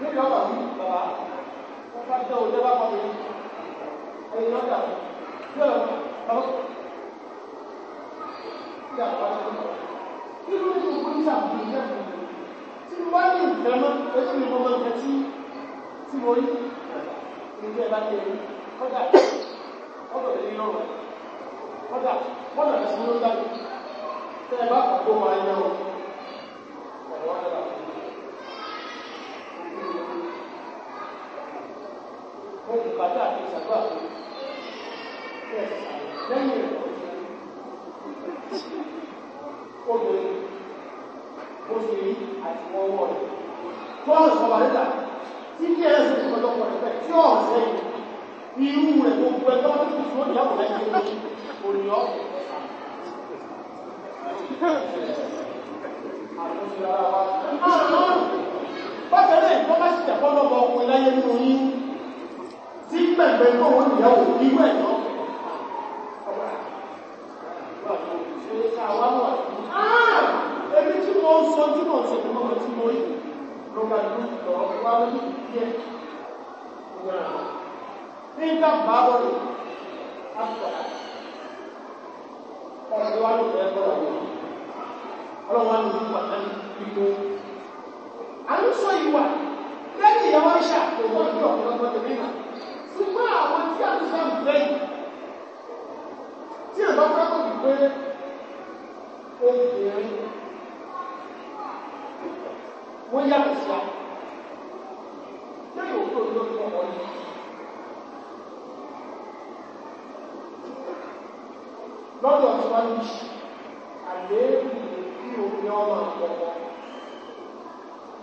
níbi ọ̀rọ̀ yìí bàbá wọ́n bá jẹ́ òjò bá kọ́ni ẹ̀yìn lọ́jà yóò lọ sí àwọn aṣọ nínú nínú oníṣà fún iṣẹ́ fún mi tí mo bá ní ìfẹ́ mọ́ oṣù mi mo mọ nǹkan tí tí mo rí nígbà bá tẹ̀ mí kọ́dà ọ̀dọ̀ lè yọ̀ kọ́dà kọ́dà lè sún ló dájú tẹ́ ẹ bá kàkó wa yẹ ọ ọ̀rọ̀ wa dára fún mi ohun bàtà àti ìṣàdúrà bẹ́ẹ̀ tó bá ṣẹ̀ fọ́lọ́bọ̀ ọkùnrin láyé nínú yín tí pẹ̀pẹ̀ tó wọ́n níyàwó irú ẹ̀ lọ. Ebi tí mo ń sọ tí mo ń sèkú mọ́ tí mo yìí ló ga ló lọ wá lórí díẹ̀. Ní ìgbà bàbá rẹ̀, a sọ̀ ọ̀rọ̀ wa ló fẹ́ bọ́ra wọn. Ọlọ́run à sọ ìwà lẹ́yìn ìyàwó ìṣà kò ní ọ̀pọ̀lọpọ̀ tèmi ṣùgbọ́n àwọn tí a ti sọ lẹ́yìn tí ìbá fẹ́ kò pé obìnrin wọ́n yàtọ̀ sí a lẹ́yìn òkú lórí tí wọ́n ní ọmọ àpọ̀pọ̀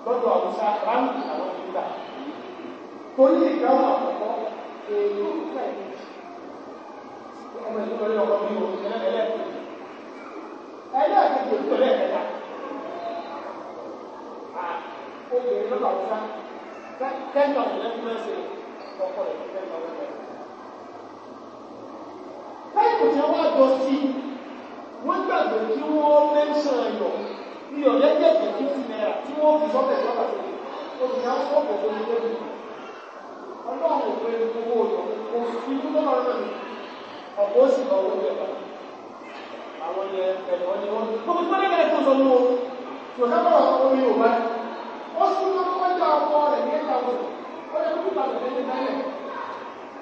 lọ́dọ̀ àwùsá ráńkì àwọn ìgbà torí ìdáhùn àkọ́kọ́ èyí ó fẹ́ ọmọ ìlú lórí ọkọ bí o ẹlẹ́ẹ̀kẹ́ ẹlẹ́ẹ̀kẹ́ tó tó lẹ́ẹ̀kẹ́ta obìnrin lọ́dọ̀ àwùsá kẹ́ńtà ọ̀lẹ́kùnrin ọkọ rẹ̀ kẹ́ńtà ọ̀lẹ́kùnrin táìpù tí wọ́n á jọ sí wọ́n gbàgbé kí wọ́n mẹ́ńsàn ẹ̀yọ̀ ní ọ̀yẹ́ jẹ́ ìpè ti náírà tí wọ́n fi sọ́tẹ̀ lọ́wọ́ àti olùkọ́ sọ́pọ̀ tó ní lẹ́nu ọlọ́run òwe gbogbo ọ̀yọ́ kò fi dúró lọ́rọ̀ náà ní ọ̀pọ̀ sì lọ owó bẹ̀rẹ̀ àwọn yẹn ẹ̀rọ ni wọ́n gbogbo tó lé mẹ́rin tó sọ ní o yòókà bọ̀ ọ̀pọ̀ mi ò bá ó sì ń lọ́kọ́ wájú àwọn rẹ̀ ní ẹ̀ka wọn ó lè kú ìbàdàn lẹ́yìn dálẹ̀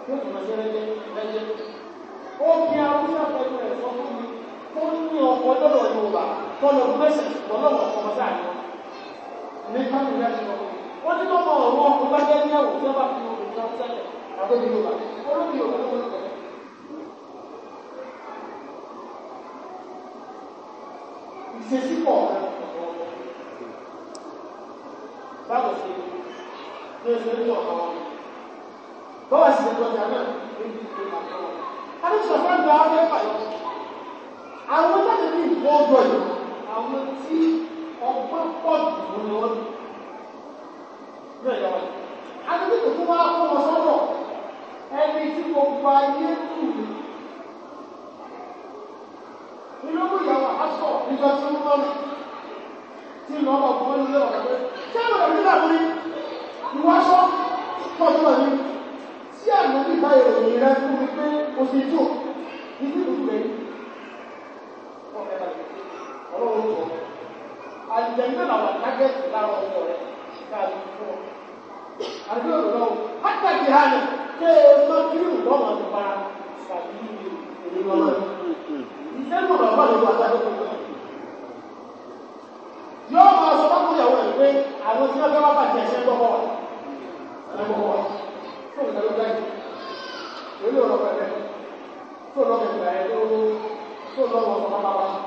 yóò tún ọ̀sẹ̀ lẹ́yẹ lẹ́yẹ ó fi àwọn ìṣàkóso rẹ̀ sọ fún mi ó ní ọ̀pọ̀ lọ́dọ̀ Yorùbá kọlọ̀ mẹ́sẹ̀ ọlọ́wọ́ ọmọ sáà ní káàkiri láti lọ. Wọ́n ti tọ́kọ̀ ọ̀rọ̀ ọkọ̀ bá jẹ́ níyàwó tí wọ́n bá fi omi kan sẹ́lẹ̀ àbẹ́bí Yorùbá. Olóbi Yorùbá ló wọlé pẹ̀lú. Ìṣesí pọ̀ ọ̀rẹ́ báwo ṣe ní ẹsẹ̀ ní ọ̀pọ̀ àwọn tí ọgbọ́n pọ̀ jù ní wọ́n ní ẹ̀yà wọn. Adébíyì fún wọn sọ́dọ̀ ẹni tí gbogbo ayé tù mí. Ìlọ́gbọ̀n ìyàwó aṣọ níjọ tí ń tí lọ́ bọ̀ ilé ọ̀rọ̀ pé ṣé ìwọ̀n ní làkúrí ìwọ aṣọ tọ́jú ẹ̀mí tí àná nípa ìròyìn rẹ fún mi o ti jò ní àlùjẹ̀mí làwọn àtàgẹ́sì lára ọ̀pọ̀ rẹ̀ káàdì fún ọ. àbí òrùlọ àtàkì ha ni ṣé e má kiri ìwọ́ wọn ti para tàbí èyí wọn náà. ìṣe ń bọ̀dọ̀ bá lóko àtàkì fún ọ. yóò máa sọ fún ìyàwó rẹ̀ pé àwọn tí wọ́n fẹ́ wá bàjẹ́ ẹ̀ṣẹ́ gbọ́kọ̀ wà. ẹ̀ṣẹ́ gbọ́kọ̀ wà. tó ń tẹ̀lé bẹ́ẹ̀ èyí ò lọ pẹ̀lẹ́ tó lọ pẹ̀lẹ́ tó lọ wọn kọ́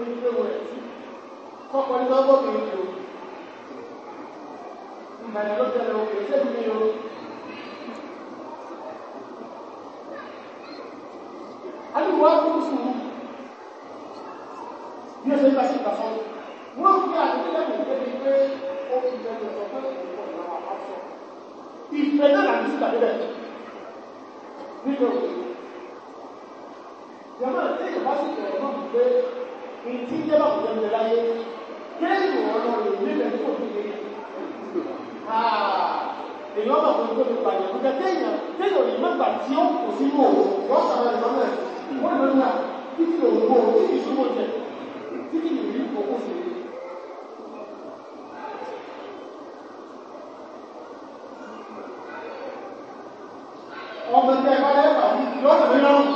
orí pé wọ ẹ̀ sí kọ́kọ́ ní bá gbọ́dọ̀ yìí o ìgbàlẹ̀ ló tẹ̀lé o kò sẹ́yìn ní o. alùpùpù wa kúrú sùn bí o ṣe ń bá sí ìgbàsọ́ wọ́n fi àdúgbò lẹ́yìn ìgbẹ́ni pé ó fi jẹ́ ìgbàsọ́ pé kò wọ́n náà wà á ìfẹ́ náà láti sí ìgbàlẹ̀ nígbà òkè. Yàrá ìdílé ìbáṣepọ̀ náà pé ìtí jẹ́bà kò tẹ́lẹ̀ láyé kéèyàn ọlọ́run nílẹ̀ tó fi lè èèyàn ọmọ tó fi pàdé kò tẹ́ kéèyàn kéèyàn òní mẹ́ta tí ó kò sí mò wọ́n sàrẹ̀ lọ́mọ̀ wọ́n lọ nà títí òwò títí ìṣúwò jẹ títí ìrírí òkú sí ọmọ tẹ́ ẹ bá lẹ́ẹ̀bà lọ́sọ̀rọ̀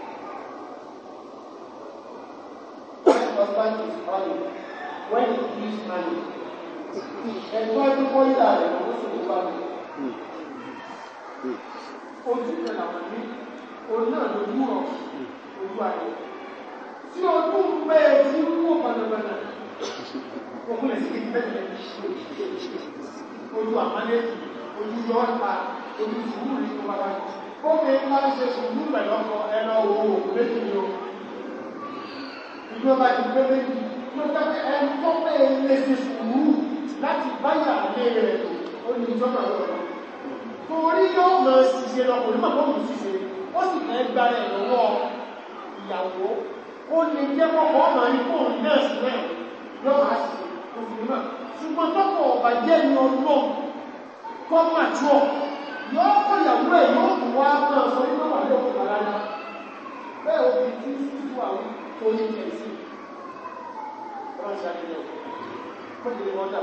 husband is earning when he gives money ẹ̀tọ́ ẹni kọ́ yíra rẹ̀ lọ́wọ́ sí ìwà rẹ̀ ojú kan làwọn ní òun náà ló mú ọ ojú ayé tí ojú ń bẹ́ ẹ tí ń wò bànàbànà òun lè sí bẹ́ẹ̀ ojú àmàlẹ́ ojú yọ ọ́ta ojú sùúrù ní kó bàbá ó fi ń bá ṣe sùúrù pẹ̀lú ọkọ ẹ lọ wo òun o bí bá ti gbé méjì ló tẹ́tẹ́ ẹni tó pé lè ṣe láti báyà lé rẹ̀ tó ní ìjọba lọ́wọ́ torí yóò mọ̀ ṣiṣẹ́ lọ kò ní mọ̀ fóònù ó sì fẹ́ gba rẹ̀ lọ́wọ́ ìyàwó ó lè jẹ́ kọ́kọ́ ọmọ ní fóònù rẹ̀ lọ́wọ́ àṣì òfin ṣùgbọ́n tọ́pọ̀ ọ̀bà jẹ́ ní kọ́ màtúọ̀ yóò kọ́ ìyàwó ẹ̀ yóò kù wá náà sọ nínú àwọn àlẹ́ tó ní tẹ̀sí ọlọ́run ṣàlẹ̀ yẹn kó lè wọ́n dà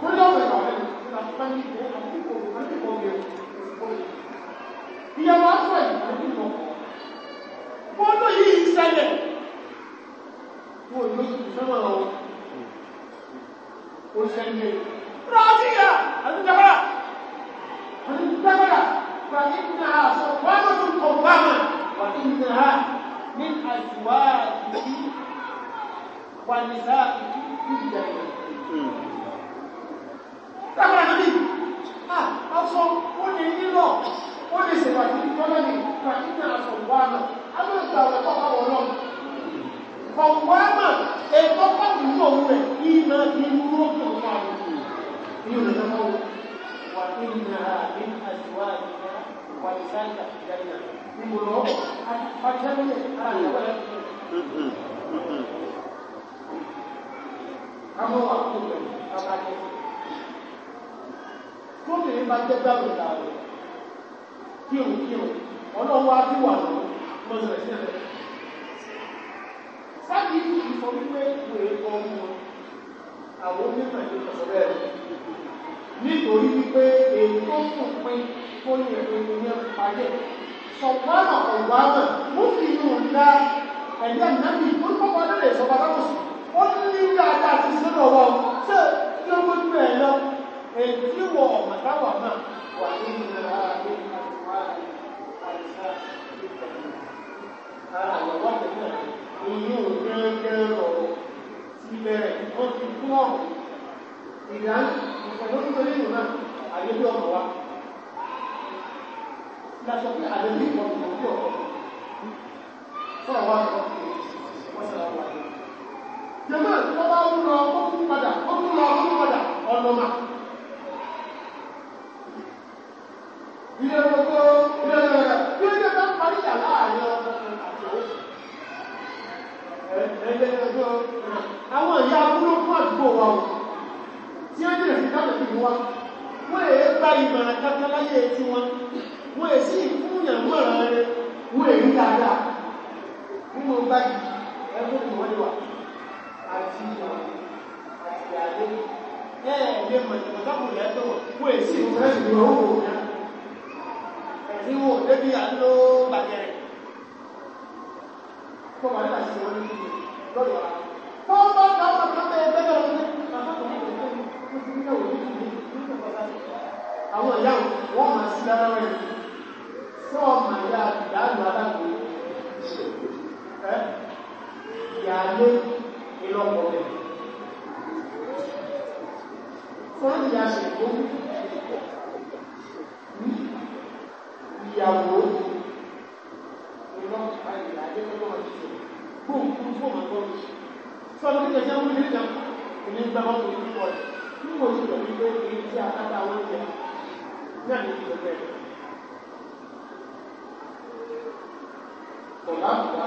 kó lè wọ́n dà wọ́n nípa pípẹ́ ní ìgbẹ́ àdúgbò àdúgbò mi ò ìyàwó aṣọ ẹ̀ àdúgbò fọ́tò yìí ṣẹlẹ̀ wọ́n ò lóṣù sọ́wọ́ ọ̀ ó ṣẹlẹ̀ rọ́ọ̀dìyà àdúgbò àdúgbò àdúgbò àdúgbò àdúgbò àdúgbò àdúgbò àdúgbò àdúgbò من أزواجه ونسائه كل Dákàrà níbi, ah, aṣọ ó lè nílọ̀, ó lè ṣèpàdé ìjọba ní ìpàdé aṣọ ìwà náà, a ló gba ọ̀rẹ́ tó bá wọ̀ náà. Ọ̀pọ̀ àmà ẹ̀kọ́ pàdé ní òun rẹ̀ kí iná ní àwọn wà fún ìgbẹ̀rù abájẹ́ lóbìnrin bá jẹ́ bẹ́rù ìlàrẹ̀ kí òun kí òun ọlọ́wọ́ ábí wà lọ lọ́sẹ̀ sílẹ̀ sáàbì yìí sọ wípé wèrè kọ ọmọ àwọn onímọ̀ ìlú sọ̀rọ̀ bẹ́ẹ̀ nítorí wípé èyí tó kùn pín tó ní ẹ̀rọ ìmúyẹ́ pàjẹ́ صوام قواما مفلح ńlá ẹ̀yẹ ìnáwó ìlú pọ́pọ́ lórí ìsọ̀bàdàmọ̀sù ó ní dáadáa ti sínú ọwọ́ ṣé tí ó gbójú ẹ̀ lọ èyí wọ̀ màtáwà náà wà ní ìlera àti àtúwà àìsà ìtẹ̀lẹ̀ ara àyẹ̀wò àtẹ̀lẹ̀ ìyún gẹ́gẹ́ ọ̀rọ̀ sílẹ̀ wọ́n ti fún ọ̀rọ̀ ìdáhùn ìfẹ̀lórí torí ìrùnà àyẹ̀wò ọ̀rọ̀ wa la sọ pé àlẹ́ ní ìwọ̀n tó ń bọ̀ fún àwọn àkọ́kọ́ wọ́n sọ̀rọ̀ wà lọ. jẹ́mọ́ tó bá ń lọ ó tún padà ó tún lọ ó tún padà ọ̀nà mà. ilé gbogbo ilé gbogbo ilé gbogbo parí ìjà láàrin ọ̀sán àti òwò. ẹ̀ẹ́dẹ́ gbogbo àwọn ìyá abúlé fún àdúgbò wa o tí wọ́n bẹ̀rẹ̀ sí dáàbò sí wa wọ́n èé gba ìmọ̀ràn kankan láyé tí wọ́n wọ́n è sí ìfúnyàn mọ́ra rẹ̀ wọ́n èrí dáadáa nínú báyìí ẹgbẹ́ ìmọ̀lẹ́wà àti àti àdé ẹ̀ẹ́dẹ́ mọ̀tàkùnrin ẹ̀tọ́ wọ́n è sí ìfúnyàn mọ́ra rẹ̀ ẹ̀sìn wò débi àlọ́ bàjẹ́rẹ̀ kọ́ wà nígbà sí wọn ní lọ́dọ̀ wa wọ́n bá ká ọmọ kan bẹ́ẹ̀ bẹ́ẹ̀ lọ sí àwọn ìyá wọn máa sí lára rẹ̀ ayé ìlọ́pọ̀ bẹ̀rẹ̀. Fún ìyá ṣètò ìyàwó ìlọ́pọ̀ ayé ayé lọ́pọ̀ ti ṣe. Gbóǹkú fún ọ̀gbọ́n mi. Sọ́dọ̀ kí ẹ̀jẹ̀ wúlé ìjà ìní ń gbàgbọ́ tó ní wọ̀nyí. Nígbà tí ìlọ́pọ̀ ìgbé èyí tí a káta àwọn ìjà náà ní ìjọ bẹ̀rẹ̀. Ọ̀lá àbúrò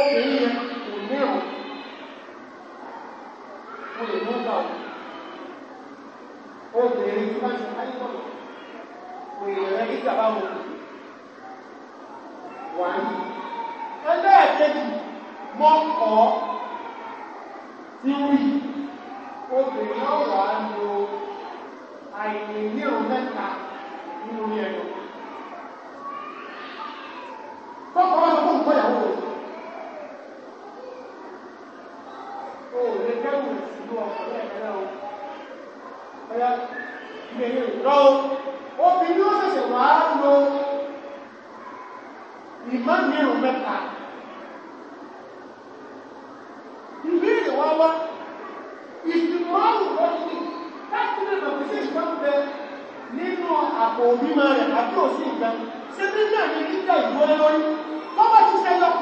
obìnrin yẹn kò ní ẹ̀rọ o lè mú bá o obìnrin tó bá ti ayé bọ̀lọ̀ kò yẹ rẹ nígbà báwo. ọ̀yá ilé ilé rọ́ obìnrin ó ṣẹ̀ṣẹ̀ wà á lo ìmọ̀mírùn mẹ́ta ìbéèrè wá wá ìsìnmọ́rù lọ́sí láti lè lọ́pẹ́ sí ìgbọ́nbẹ nínú àpò mímọ́ rẹ̀ àbí òsì ìgbà ṣe bí náà ní kíkà ìwọlé lórí wọ́n ti ṣẹlọ́pọ̀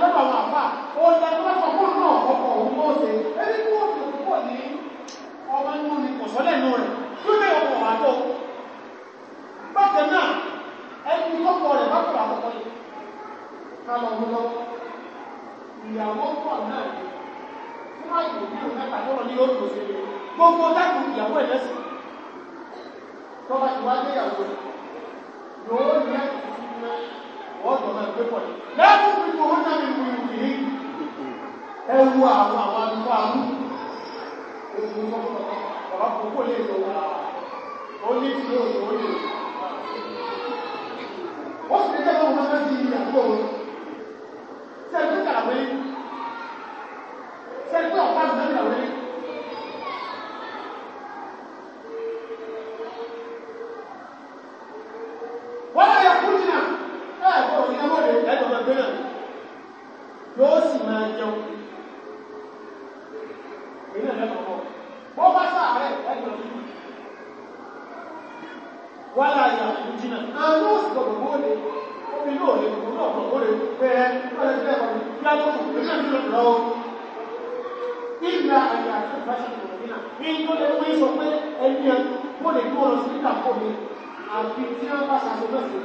lọ́dọ̀ àwọn àfà ó lẹ́nu lọ́pọ̀ fún náà ọkọ̀ òun mọ́ ṣe ẹni tí wọ́n fi púpọ̀ ní ọmọ inú ni kò sọ́lẹ̀ inú rẹ̀ tó lè ọkọ̀ wà tó bákan náà ẹni lọ́pọ̀ rẹ̀ bákan àkọ́kọ́ yìí ká lọ mú lọ ìyàwó pọ̀ náà fún àyè ní òun mẹ́ta tó lọ ní yóò tó ṣe gbogbo dákùn ìyàwó ẹ̀ yóò ní ẹ̀ tuntun náà ọ̀dọ̀ náà gbé pọ̀ ní ti kò wọ́n tàbí kò yìí kìí ẹwu àwọn àwọn àdúgbò àmú ètò ìjọba bàbá kò kó lè lọ wà ó ní ìlú òṣèlú ó sì ní tẹ́lẹ̀ wọn fẹ́ sí àdúgbò wọn lè mú ọ̀rọ̀ sí ìdàpọ̀ mi àfi tí ó bá ṣàṣọ náà sí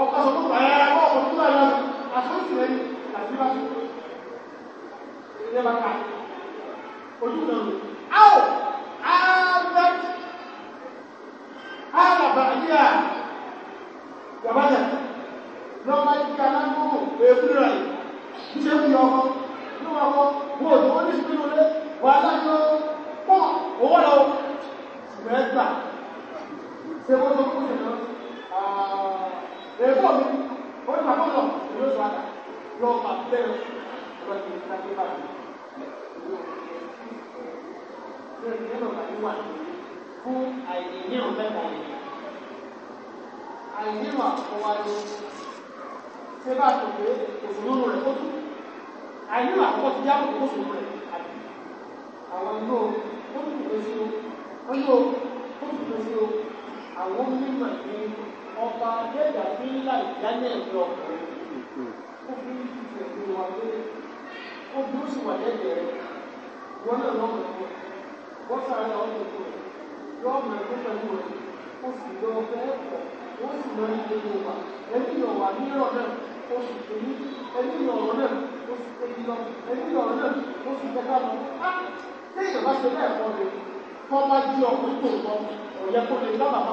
ọkọ̀ ọ̀sọ̀ tó pààyà ọkọ̀ ọ̀sọ̀ tó pààyà àtúntì rẹ̀ ni àti bá tó ilé bá ká ojú náà ni. Áwò áwò áwò àbàyà gàbàdà lọ́ba ìka lágbóhùn èkúrà yìí ṣé ń yọ ọkọ̀ ní wọn lọ́wọ́ rẹ́gbà ṣe wọ́n tó kú nìkan ẹ̀fọ́ mi ó ní bàbá ìlú ìlú àdá lọ bà bẹ́ẹ̀ lọ sí ìta tó bá mi. Ṣé ìdílé náà kàdé wà fún àìní ọ̀mẹ́ta yìí? Àìní wà fún wa ní ṣé bá a tó rẹ̀ kó tó? Àìní wà fún ọtí yá kó tó òṣèlú rẹ̀. ọba adéjà fi ń la ìdáná ẹ̀mí ọkùnrin ó fi ń fi ẹ̀mí wa pé ó bí ó sì wà lẹ́gbẹ̀ẹ́ rẹ̀ wọ́n náà lọ́mọ ẹ̀kọ́ wọ́n sáré ọmọ ẹ̀kọ́ lọ́mọ ẹ̀kọ́ pẹ̀lú rẹ̀ ó sì lọ ọbẹ̀ ẹ̀kọ́ ó sì lọ ilé ìlú wa ẹ̀mí ọ̀wà mìíràn náà ó sì pé ní ẹ̀mí ọ̀rọ̀ náà ó sì pé ní lọ ẹ̀mí ọ̀rọ̀ náà ó sì tẹ́ká lọ á lẹ́yìn ọ̀bá ṣe bẹ́ẹ̀ kọ́ mi kọ́ bá jí ọkùnrin tó kọ́ ọ̀yẹ́ kó lè lọ́ bàbá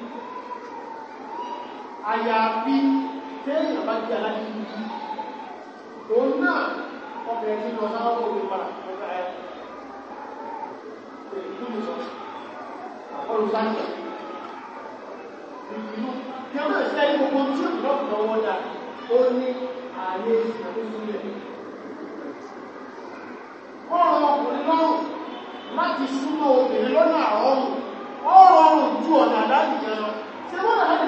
àyàfi téèyàn bá jẹ́ aláàrí yìí òun náà ọkùnrin tí lọ náà ó lè padà pẹ̀lú ẹ̀ ìlú ìsọ̀ àkọlù sáyẹ̀ ìlú kí a máa ṣe gbogbo tí ó lọ́pù lọ́wọ́ dà ó ní ààyè ìsìnkúnlẹ̀ ọ̀rọ̀ ọkùnrin lọ́rùn láti súnmọ́ obìnrin lọ́nà àrọ́rùn ọ̀rọ̀ ọ̀rùn ju ọ̀nà àdájì jẹ́ lọ ṣe wọ́n láti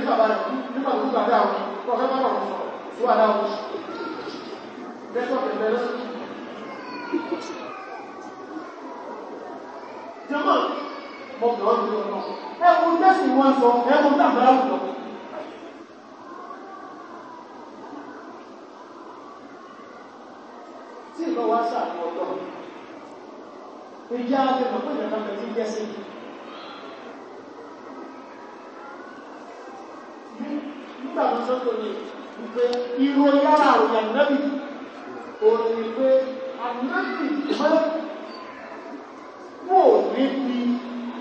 ní bàbá rẹ̀ nígbà tó bàbá àwọn kọfẹ́ bá wọn sọ tó wà láwọn lẹ́tọ̀ọ̀tẹ̀ bẹ̀rẹ̀ jọmọ́ mọ̀ pẹ̀lú ọdún ọmọ ẹkùn tẹ́sì wọn sọ ẹkùn tàbí àwùjọ tí ìlọ́wọ́ sáà ní ọjọ́ ìjá àti ọmọ pẹ̀lú ọmọ sọ́tò ní wípé ìròyìn lára àròyìn ànábì òun wípé ànábì mọ́ wò ní fi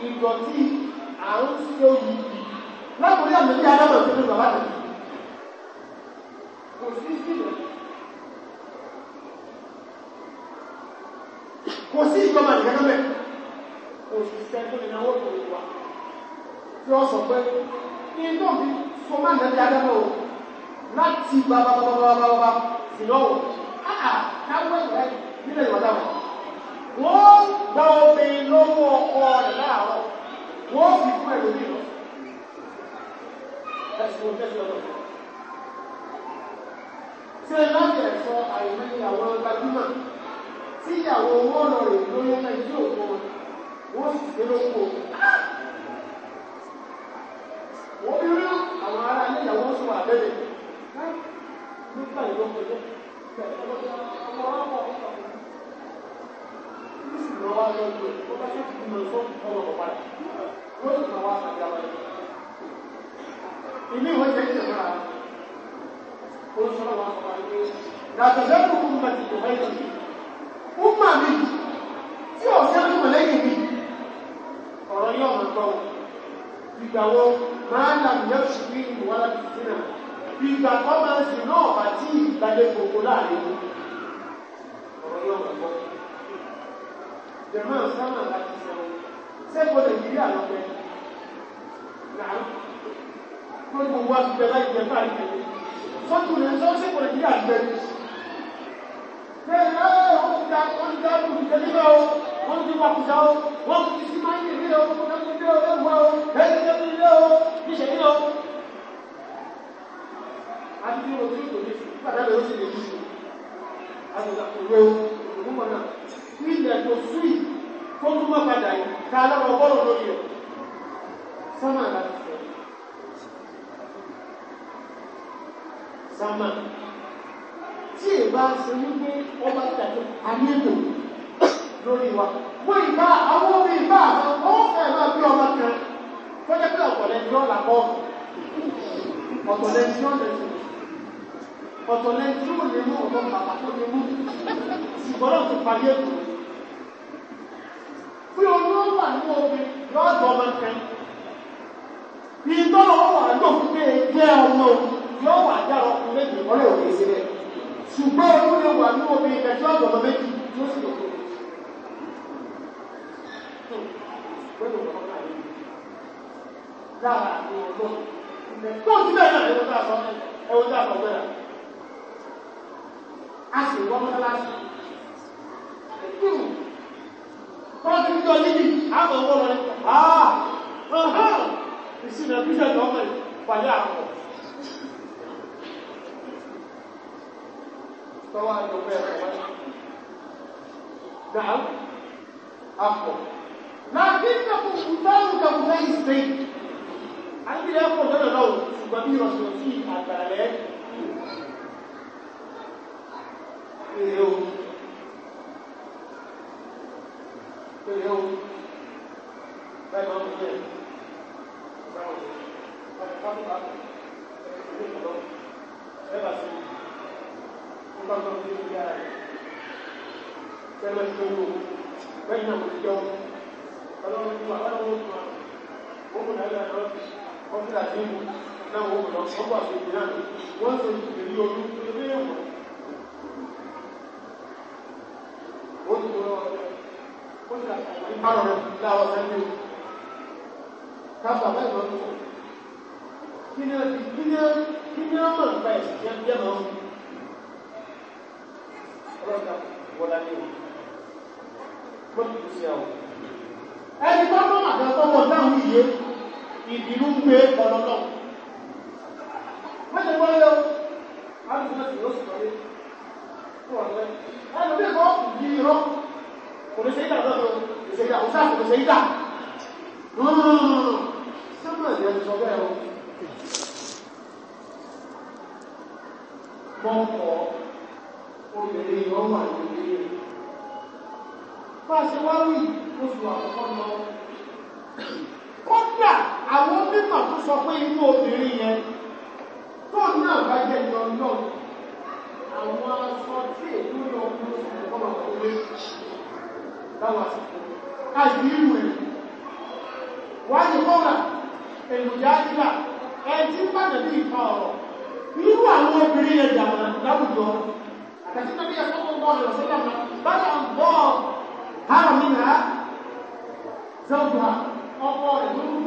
ìdọ̀tí àrùn tí ó yí bì látòrí ànábì adámọ̀ tó ní bàbá rẹ̀ kò sí sílẹ̀ kò sí ìjọba ìgbẹ́gbẹ́ kò sì sẹ́ńtò ìnáwó tó wà tí ó sọ pé ní tó fi fọmá nàbí adámọ́ o láti babababababa sílọ́wọ́ áà káwọ́ ìwà nílẹ̀ ìwọ̀dá wọn wọ́n gba omi lọ́wọ́ ọkọ rẹ̀ láàárọ̀ wọ́n fi fún ẹ̀rọ mi lọ ẹ̀sùn òjẹ́sì ọ̀dọ̀ ṣe láti ẹ̀sọ́ àìmọye àwọn gbajúmọ̀ tí fún àbẹ́lẹ̀ nígbà ìlọ́kọjẹ́ ọmọ ọmọ ọmọ ní sì lọ́wọ́ lọ́jọ́ ó bá ṣe fi mọ̀ sọ́ ọmọ bàbá rẹ̀ wọ́n ní kàwá àgbàwà rẹ̀ ilé ìwé jẹ́ ìjọba ó ń sọ́rọ̀ wọn sọ́rọ̀ pé yàtọ̀ lẹ́nu kún mọ̀ ti jọba ìjọ mi ó mà mí tí ọ̀sẹ̀ ló mọ̀ lẹ́yìn mi ọ̀rọ̀ yóò mọ̀ tọ́ ìgbàwọ́ máa ń làm yẹ́ oṣù bí ìwà láti sínà bí ìgbà kan máa ń sìn náà bá tí ìgbàdé kòkó láàrin mú ọ̀rọ̀ yóò wọ̀ bọ́. jẹ̀mọ́ sámà láti sọ sẹ́kọ̀ọ́ nàìjíríà lọ́pẹ́ náà wọ́n gbogbo wa ti jẹ láì jẹ báyìí jẹ sọ́tù rẹ̀ sọ́ sẹ́kọ̀ọ́ nàìjíríà gbẹ bẹ́ẹ̀ náà wọ́n ti da wọ́n ti da lùkẹ́lẹ́ bá o wọ́n ti wàkùsà o wọ́n ti sí máa ń yẹ̀ ní o àti bí wọn tó lè fi pàdánù ó sì lè fi ṣe àgbègbè òwe òmùmọ̀ náà ní ilẹ̀ tó fúì tó tún mọ́ padà yìí ká lọ́wọ́ bọ́ọ̀lù lórí ẹ̀ sọ́mà láti fẹ́ ọba tàbí àmìlò lórí wa wọ́n ìbá àwọn ọmọ ìbá àwọn ọmọ ẹ̀rọ bí ọba kan kọjá pé ọ̀tọ̀lẹ́ni yọ́ làbọ́ ọ̀tọ̀lẹ́ni yọ́ lẹ́sùn ọ̀tọ̀lẹ́ tí ó lè mú ọ̀dọ́ bàbá tó lè mú ìgbọ́dọ̀ tó parí ẹ̀kọ́ pé orí ó wà ní omi lọ́dọ̀ ọmọ ẹ̀kẹ́ ní tọ́lọ̀ ó wà ní òfin pé ẹgbẹ́ ọmọ yóò wà já ọkùnrin méjì ọ̀rẹ́ òkè sílẹ̀ ṣùgbọ́n orí lè wà ní omi ìgbẹ́jọ́ ọ̀dọ̀ ọmọ méjì tó sì lọ́kọ̀ lára àwọn ọlọ́run tó ti bẹ́ẹ̀ náà ẹ̀wọ́n tà sọ ẹ̀wọ́n tà sọ bẹ́ẹ̀ a sì wọ́n mọ́ láti kúrò wọ́n ti jọ níbi àbọ̀ wọ́n rẹ̀ àà ọ̀hán ìsinmi ẹ̀kúṣẹ́ tó ọmọ rẹ̀ pàdé àpọ̀ tọ́wọ́ àjọ bẹ́ẹ̀ rẹ̀ wáyé dàá àpọ̀ láti ń tẹ̀kùn ìtàlùkà fún ẹ̀yìn sẹ́yìn a ń gbìyànjú pọ̀ lọ́nà náà ṣùgbọ́n bí ìrọ̀sùn sí àgbàlẹ́ èrè o èrè o báyìí máa ń bẹ̀rẹ̀ Thank you ọ̀fíà bíbù náà wọ́n kọ̀ lọ́sọ̀ wà fún mi wọ́n tó ń olú tó lé ó ti lọ ó ti àtàwọn ìbára láwọn ẹni o kábà bẹ́ẹ̀ lọ kí ni ọmọ nípa ẹ̀sìn tí bí ẹ̀mọ́ fún ọlọ́dà wọlá ní o wọ́n ẹni tó bá màdà tó wọ̀ dáhùn yìí ìbínú gbé ọlọ́lọ́ mọ́ṣẹ́ oṣù àkọ́kọ́ lọ kọ́ńtà àwọn mímọ̀ tó sọ pé inú obìnrin yẹn tó náà bá jẹ́ ìjọ náà àwọn aṣọ tí èdè lọ mú ọmọ òwe láwọn àsìkò àìbí ìwé wáyé kọ́ra èròjà àdílà ẹtí pàdé bí ìfà ọ̀rọ̀ irú àwọn obìnrin yẹn dàmà láwùjọ àti tàbí ẹ̀sọ́ tó ń bọ̀ ọ̀rọ̀ sílẹ̀ mọ́ báyà ń bọ̀ ọ̀hárọ̀ mi nà á zọ́ọ̀bù ọkọ̀ rẹ̀ tó ń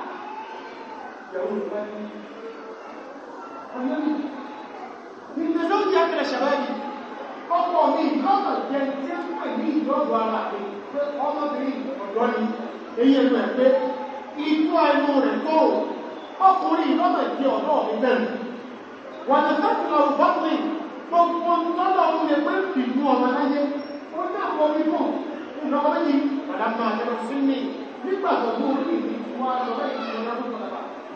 يعود مالي النبي من تزوج أكل شبابي ọkọ̀ mi lọ́tọ̀ jẹ tí ń pè ní ìjọ́gbọ̀ ara rẹ̀ pé ọmọbìnrin ọ̀dọ́ ni èyí ẹ̀rọ ẹ̀ pé ikú ẹnu rẹ̀ tó ọkùnrin lọ́tọ̀ jẹ ọ̀dọ́ mi bẹ̀rẹ̀ wà ní sẹ́kùnlọ bọ́ọ̀lì gbogbo lọ́dọ̀ ń lè pé fìlú ọmọ láyé ó ní àwọn mímọ̀ ìlọ́wọ́ yìí padà máa lọ sí mi nígbà tó gbó orí ìlú wa lọ́wọ́ ìlú ọlọ́dún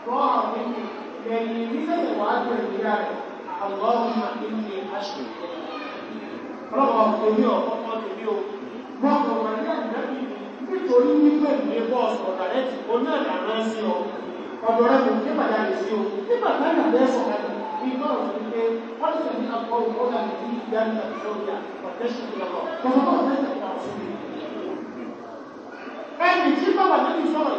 ضامن يعني مثل وعد الرجال اللهم اني اشرك ọlọ́pàá òní ọ̀pọ̀pọ̀ tèmi o gbọ́nà wà ní àjẹ́bì nítorí wípé ìwé bọ́ọ̀sì ọ̀dàrẹ́ ti kó náà dàná sí ọ ọ̀dọ̀ rẹ̀ kò ní bàjá lè sí o nígbà táyà bẹ́ẹ̀ sọ̀kalẹ̀ bí bọ́ọ̀lù ti pé wọ́n ti ní akọrù ọ̀dà ní ti ìgbà ní àtìlọ́gbà ọ̀tẹ́sùn ìjọba ọ̀tẹ́sùn ìjọba ọ̀tẹ́sùn ìjọba ẹni tí bàbá tó ti sọ̀rọ̀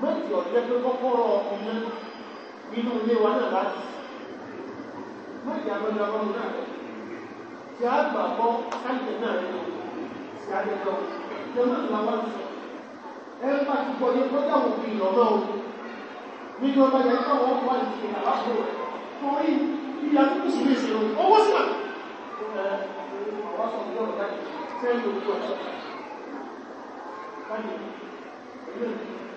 méjì ọ̀jẹ́ pé kọ́kọ́rọ́ iná inú ilé wa náà láti méjì abẹ́lẹ́ náà tí a gbà bọ́ náà rẹ̀ sí adẹ́jọ́ jẹ́mọ́ ìlà wá sí ẹ bá ti gbọ́ yẹn kọjá òun fi ìlọ́ náà o nínú ọba yẹn kọ́ wọ́n wá ní ìṣẹ̀lẹ̀ àbáṣọ rẹ̀ torí ìyá tó kù sí lè ṣe owó sí màá ọ̀wá sọ láti sẹ́yìn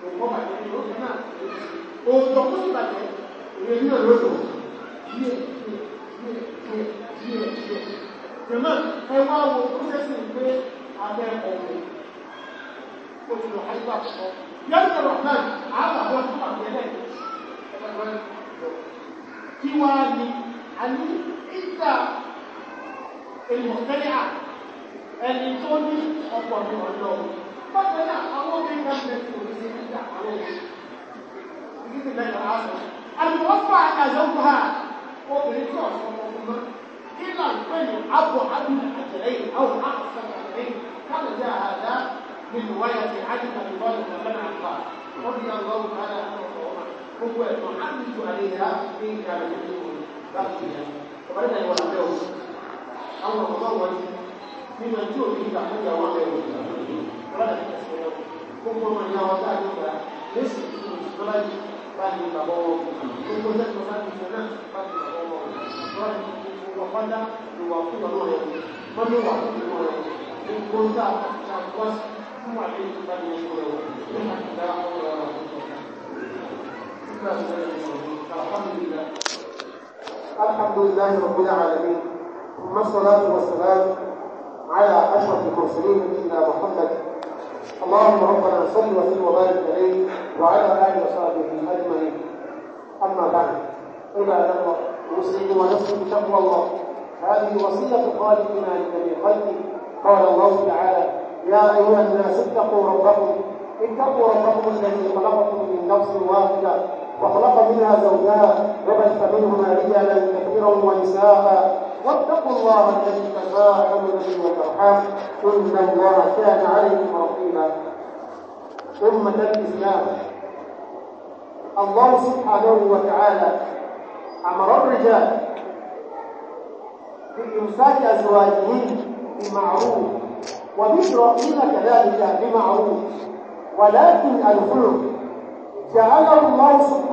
kò kọ́ bàjẹ́ ní oṣù náà òótọ́ kó sì bàjẹ́ ìrìn náà ló lò díẹ̀ díẹ̀ díẹ̀ díẹ̀ díẹ̀ jẹ̀mọ́ ẹ wá wo prọ́sẹ̀sì pé abẹ́ ọ̀wọ̀ ó ti lọ ayé wà sọ yẹ́n sọ̀rọ̀ náà àbàbọ̀ tó àbẹ̀ lẹ́yìn ní àní ní ọ̀pọ̀ ní بطل لا حروف جنب الثلث حروف بإذن الله تعالى المربع زوجها وبريتو أصلا إلا الفن عبد عبد الحجرين أو أحسن الحجرين كما جاء هذا من رواية علي بن طالب وبن عباس رضي الله تعالى عنه هو المحدث عليها إن كان يمكن بقيها وبدأ يولده الله مزوج لمن تؤمن بعد وغيره الحمد لله رب العالمين والصلاه والسلام على اشرف المرسلين الى محمد اللهم ربنا صل وسلم وبارك عليه وعلى اله وصحبه اجمعين اما بعد عباد الله اوصيني ونفسي بتقوى الله هذه وصيه خالقنا لنبي خلقه قال الله تعالى يا ايها الناس اتقوا ربكم اتقوا ربكم الذي خلقكم من نفس واحده وخلق منها زوجها وبث منهما رجالا كثيرا ونساء واتقوا الله الذي تساءلون به وترحم ان الله كان عليكم رقيبا امه الاسلام الله سبحانه وتعالى امر الرجال بامساك ازواجهم بمعروف وبشرائين كذلك بمعروف ولكن الخلق جعله الله سبحانه